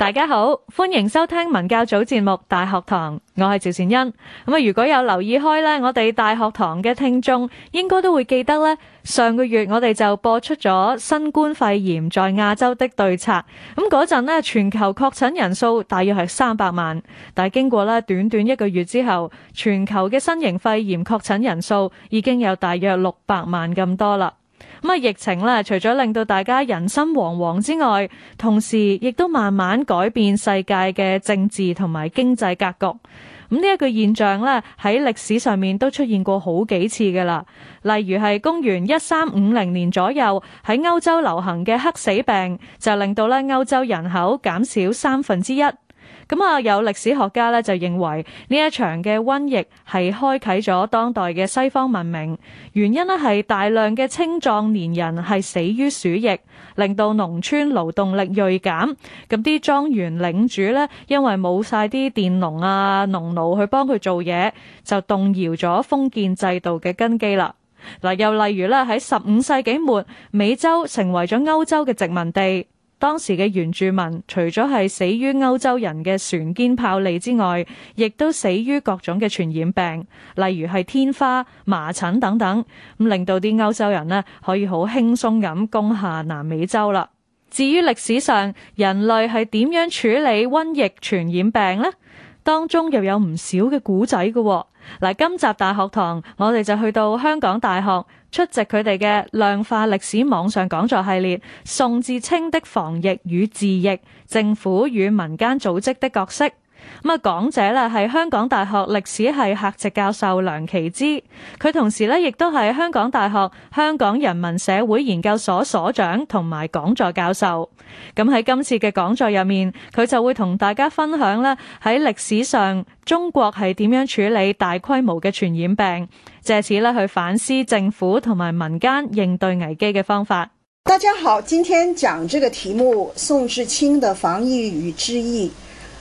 大家好，歡迎收聽文教組節目《大學堂》，我係趙善恩。如果有留意開我哋《大學堂》嘅聽眾應該都會記得，上個月我哋就播出咗新冠肺炎在亞洲的對策。咁嗰陣全球確診人數大約係三百萬，但經過短短一個月之後，全球嘅新型肺炎確診人數已經有大約六百萬咁多啦。咁啊！疫情呢除咗令到大家人心惶惶之外，同時亦都慢慢改變世界嘅政治同埋經濟格局。咁呢一個現象呢喺歷史上面都出現過好幾次㗎喇。例如係公元一三五零年左右，喺歐洲流行嘅黑死病，就令到咧歐洲人口減少三分之一。咁、嗯、啊，有歷史學家咧就認為呢一場嘅瘟疫係開啟咗當代嘅西方文明，原因呢係大量嘅青壯年人係死於鼠疫，令到農村勞動力鋭減，咁啲莊園領主呢，因為冇晒啲佃農啊、農奴去幫佢做嘢，就動搖咗封建制度嘅根基啦。嗱，又例如咧喺十五世紀末，美洲成為咗歐洲嘅殖民地。當時嘅原住民除咗係死於歐洲人嘅船堅炮利之外，亦都死於各種嘅傳染病，例如係天花、麻疹等等，咁令到啲歐洲人可以好輕鬆咁攻下南美洲啦。至於歷史上人類係點樣處理瘟疫傳染病呢？當中又有唔少嘅古仔嘅。嗱，今集大學堂，我哋就去到香港大學出席佢哋嘅量化歷史網上講座系列《宋至清的防疫與治疫：政府與民間組織的角色》。咁啊，講者啦係香港大學歷史系客席教授梁其姿，佢同時亦都係香港大學香港人民社會研究所所長同埋講座教授。咁喺今次嘅講座入面，佢就會同大家分享咧喺歷史上中國係點樣處理大規模嘅傳染病，借此去反思政府同埋民間應對危機嘅方法。大家好，今天講這個題目《宋至清的防疫與治疫》。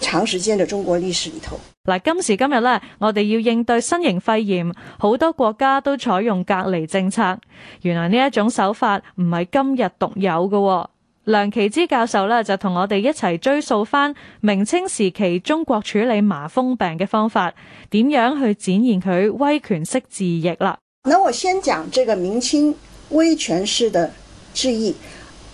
長時間的中國歷史裏頭，嗱，今時今日呢，我哋要應對新型肺炎，好多國家都採用隔離政策。原來呢一種手法唔係今日獨有嘅喎。梁其姿教授呢，就同我哋一齊追溯翻明清時期中國處理麻風病嘅方法，點樣去展現佢威權式治疫啦。嗱，我先講這個明清威權式的治疫。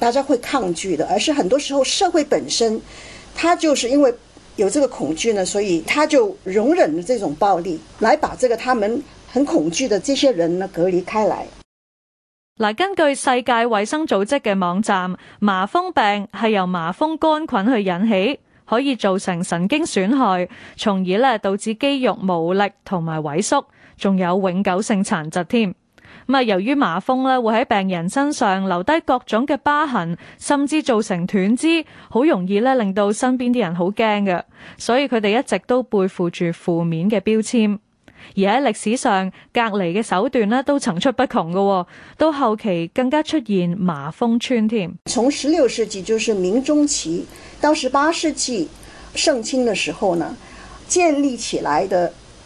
大家會抗拒的，而是很多時候社會本身，他就是因為有這個恐懼呢，所以他就容忍了這種暴力，來把這個他們很恐懼的這些人呢隔離開來。嗱，根據世界衛生組織嘅網站，麻風病係由麻風桿菌去引起，可以造成神經損害，從而咧導致肌肉無力同埋萎縮，仲有永久性殘疾添。咁啊，由於麻風咧會喺病人身上留低各種嘅疤痕，甚至造成斷肢，好容易咧令到身邊啲人好驚嘅，所以佢哋一直都背負住負面嘅標籤。而喺歷史上隔離嘅手段咧都層出不窮噶，到後期更加出現麻風村添。從十六世紀就是明中期到十八世紀盛清的時候呢，建立起來的。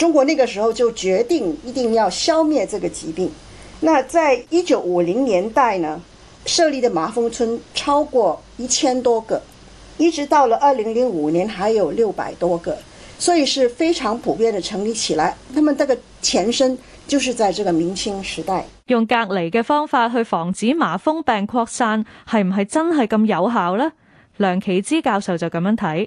中國那個時候就決定一定要消滅這個疾病。那在1950年代呢，設立的麻風村超過一千多個，一直到了2005年還有六百多個，所以是非常普遍的成立起來。他們這個前身就是在這個明清時代。用隔離嘅方法去防止麻風病擴散，係唔係真係咁有效呢？梁其姿教授就咁樣睇。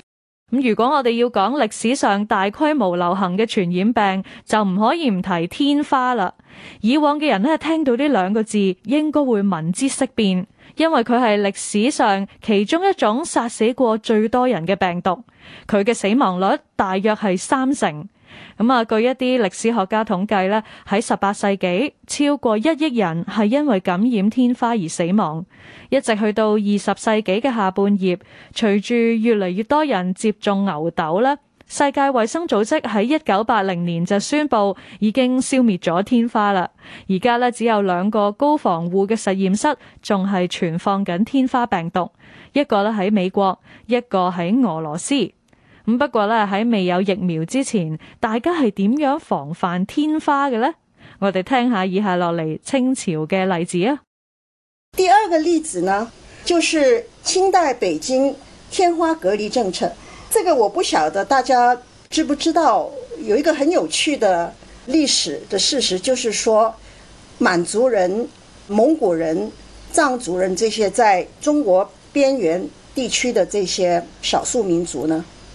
咁如果我哋要講歷史上大規模流行嘅傳染病，就唔可以唔提天花啦。以往嘅人呢聽到呢兩個字，應該會聞之色變，因為佢係歷史上其中一種殺死過最多人嘅病毒，佢嘅死亡率大約係三成。咁啊，據一啲歷史學家統計咧，喺十八世紀，超過一億人係因為感染天花而死亡。一直去到二十世紀嘅下半葉，隨住越嚟越多人接種牛痘咧，世界衛生組織喺一九八零年就宣布已經消滅咗天花啦。而家咧，只有兩個高防護嘅實驗室仲係存放緊天花病毒，一個咧喺美國，一個喺俄羅斯。咁、嗯、不過呢，喺未有疫苗之前，大家係點樣防範天花嘅呢？我哋聽下以下落嚟清朝嘅例子啊。第二個例子呢，就是清代北京天花隔離政策。這個我不曉得大家知不知道，有一個很有趣的歷史的事實，就是說滿族人、蒙古人、藏族人這些在中國邊緣地區的這些少數民族呢，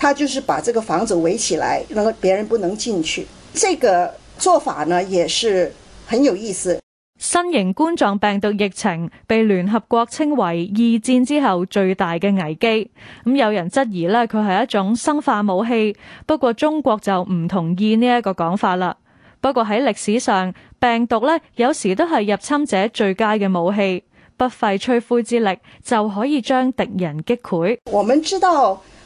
他就是把這個房子圍起來，然後別人不能進去。這個做法呢，也是很有意思。新型冠狀病毒疫情被聯合國稱為二戰之後最大嘅危機。咁有人質疑咧，佢係一種生化武器。不過中國就唔同意呢一個講法啦。不過喺歷史上，病毒咧有時都係入侵者最佳嘅武器，不費吹灰之力就可以將敵人擊潰。我們知道。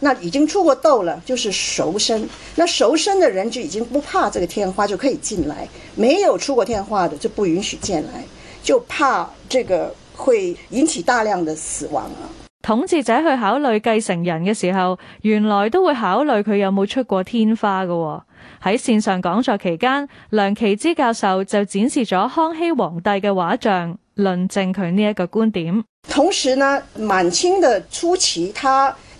那已經出過痘了，就是熟身。那熟身的人就已經不怕這個天花，就可以進來；沒有出過天花的就不允許進來，就怕這個會引起大量的死亡啊！統治者去考慮繼承人嘅時候，原來都會考慮佢有冇出過天花㗎喎、哦。喺綫上講座期間，梁其姿教授就展示咗康熙皇帝嘅畫像，論證佢呢一個觀點。同時呢，滿清的初期，他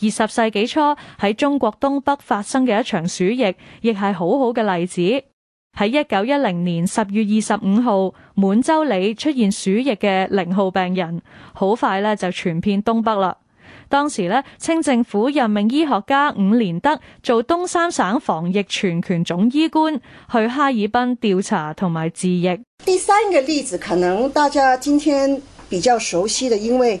二十世紀初喺中國東北發生嘅一場鼠疫，亦係好好嘅例子。喺一九一零年十月二十五號，滿洲里出現鼠疫嘅零號病人，好快呢就傳遍東北啦。當時呢，清政府任命醫學家伍連德做東三省防疫全權總醫官，去哈爾濱調查同埋治疫。第三個例子可能大家今天比較熟悉嘅，因為，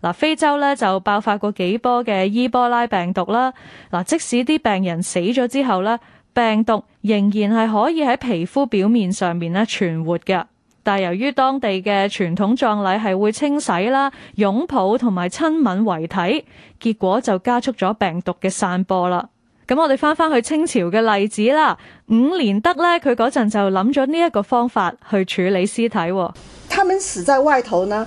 嗱，非洲咧就爆發過幾波嘅伊波拉病毒啦。嗱，即使啲病人死咗之後咧，病毒仍然係可以喺皮膚表面上面咧存活嘅。但由於當地嘅傳統葬禮係會清洗啦、擁抱同埋親吻遺體，結果就加速咗病毒嘅散播啦。咁我哋翻翻去清朝嘅例子啦，伍連德咧佢嗰陣就諗咗呢一個方法去處理屍體。他們死在外頭呢？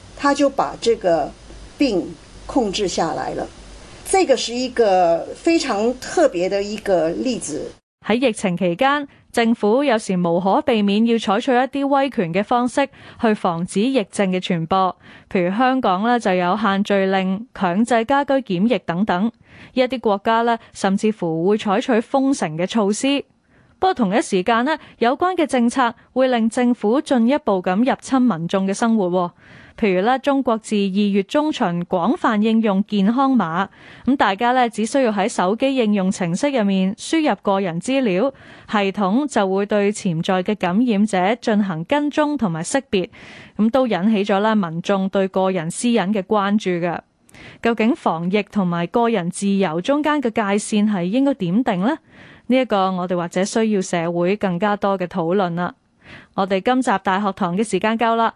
他就把這個病控制下來了。這個是一個非常特別的一個例子。喺疫情期間，政府有時無可避免要採取一啲威權嘅方式去防止疫症嘅傳播，譬如香港咧就有限聚令、強制家居檢疫等等。一啲國家咧甚至乎會採取封城嘅措施。不過同一時間咧，有關嘅政策會令政府進一步咁入侵民眾嘅生活。譬如啦，中國自二月中旬廣泛應用健康碼，咁大家呢只需要喺手機應用程式入面輸入個人資料，系統就會對潛在嘅感染者進行跟蹤同埋識別，咁都引起咗咧民眾對個人私隱嘅關注嘅。究竟防疫同埋個人自由中間嘅界線係應該點定呢？呢、呢、一個我哋或者需要社會更加多嘅討論啦。我哋今集大學堂嘅時間夠啦。